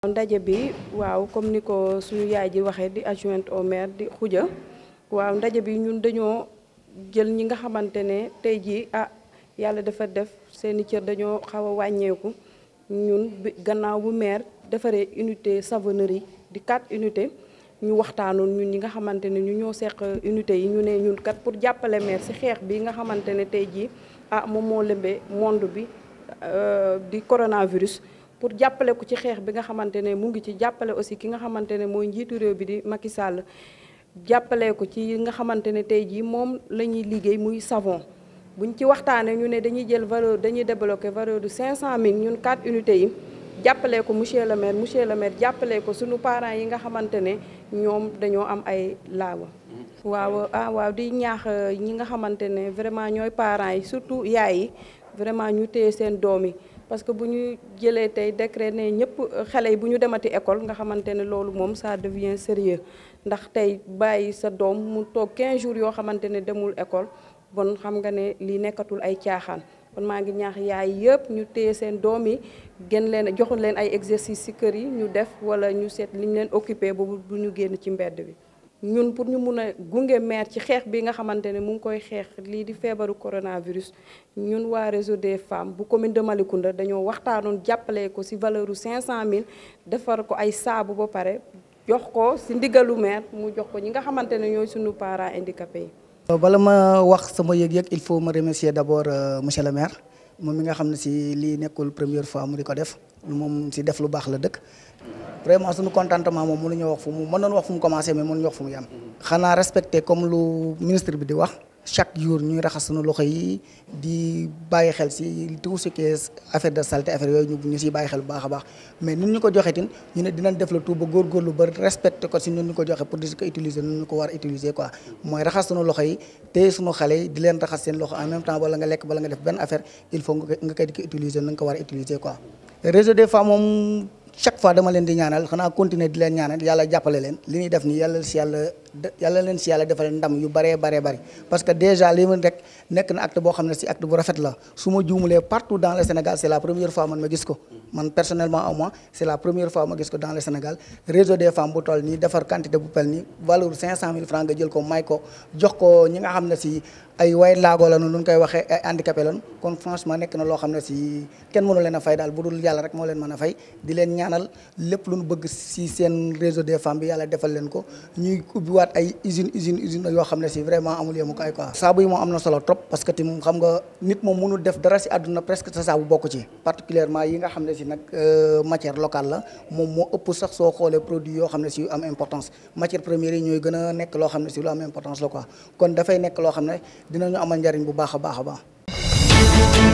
ndaje bi waaw comme ni ko suñu yaay ji waxee di adjointe au maire di xuja waaw ndaje bi ñun dañoo jël ñi nga xamante ne tey jii ah yàlla dafa def seeni cër dañoo xaw a wàññeeku ñun gannaaw bu maire defaree unité yi di quatre unité ñu waxtaanoon ñun ñi nga xamante ne ñu ñoo seq unité yi ñu ne ñun kat pour jàppale maire ci xeex bi nga xamante ne tey jii ah moom moo lëmbee monde bi euh, di coronavirus pour jàppale ko ci xeex bi nga xamante ne mu ngi ci jàppale aussi ki nga xamante ne mooy njiitu réew bi di Macky Sall jàppale ko ci nga xamante ne tey jii moom la ñuy liggéey muy savon buñ ci waxtaanee ñu ne dañuy jël valeur dañuy débloquer valeur de mille ñun 4 unité yi jàppale ko monsieur le maire monsieur le maire jàppale ko suñu parents yi nga xamante ne ñoom dañoo am ay laawa. waaw ah di ñaax euh, ñi nga xamante ne vraiment ñooy parent yi surtout yaay yi vraiment ñu téye seen doom yi. parce que bu ñuy jëlee tey décret ne ñëpp xale yi bu ñu demati école nga xamante ne loolu moom ça devient sérieux ndax tey bàyyi sa doom mu toog 15 jours yoo xamante ne demul école bon xam nga ne lii nekkatul ay caaxaan kon maa ngi ñaax yaay yëpp ñu téye seen doom yi gën leen joxu leen ay exercice ci kër yi ñu def walla ñu seet liñ leen occupé boobu bu ñu génn ci mbedd bi ñun pour ñu mun a gunge maire ci xeex bi nga xamante ne mu ngi koy xeex lii di feebaru coronavirus ñun waa réseau des femmes bu commune de Malicounda dañoo waxtaanoon jàppalee ko ci valeuru 500000 defar ko ay saabu ba pare jox ko ci ndigalu maire mu jox ko ñi nga xamante ne ñooy suñu parent handicapés yi. Euh, bala ma wax sama yëg-yëg il faut ma remercier d'abord euh, monsieur le maire moom mi nga xam ne ci lii nekkul première fois mu di ko def. moom si def lu baax la dëkk vraiment suñu contentement moom mënuñoo wax fu mu mën nañu wax fu mu commencé mais mënuñu wax fu mu yem. xanaa respecté comme lu ministre bi di wax chaque jour ñuy raxas suñu loxo yi di bàyyi xel si tout ce qui est affaire de saleté affaire yooyu ñu siy bàyyi xel joxe tin ñu ne dinañ def le tout ba góorgóorlu ba respecté ko si nun ñu ko joxe pour di ko utiliser nun ñu ko war a utiliser quoi mooy raxas suñu loxo yi téye suñu xale yi di leen raxas seen loxo en même temps wala nga lekk wala nga def benn affaire il faut nga koy di ko utiliser na nga war a utiliser quoi réseau des femmes moom chaque fois dama leen di ñaanal xanaa continuer di leen ñaanal yàlla jàppale leen li ñuy def nii yàlla si yàlla yàlla leen si yàlla defal ndam yu baree baree bari parce que déjà lii man rek nekk na acte boo xam ne si acte bu rafet la su ma juumulee partout dans le Sénégal c' la première fois man ma gis ko man personnellement au moins c' la première fois ma gis ko dans le Sénégal réseau des femmes bu toll nii defar quantité bu pel nii valeur cinq cent mille francs nga jël ko may ko jox ko ñi nga xam ne si ay way laagoo la nu koy waxee ay handicapé lañu nekk na loo xam ne si kenn mënu leen a fay daal bu dul yàlla rek moo leen mën a fay di leen ñaanal lépp lu ñu bëgg si seen réseau des femmes bi leen ko ubbiwaat ay usine usine usine yoo xam ne si vraiment amul yemu ay quoi saabu yi moom am na solo trop parce que tim xam nga nit moom mënul def dara si àdduna presque sa saabu bokk ci particulièrement yi nga xam ne si nag euh, matière locale la moom moo ëpp sax soo xoolee produit yoo xam ne si am importance matière première yi ñooy gën nekk loo xam ne si lu am importance la quoi kon dafay nekk loo xam ne dinañu amal njariñ bu baax a baax a baax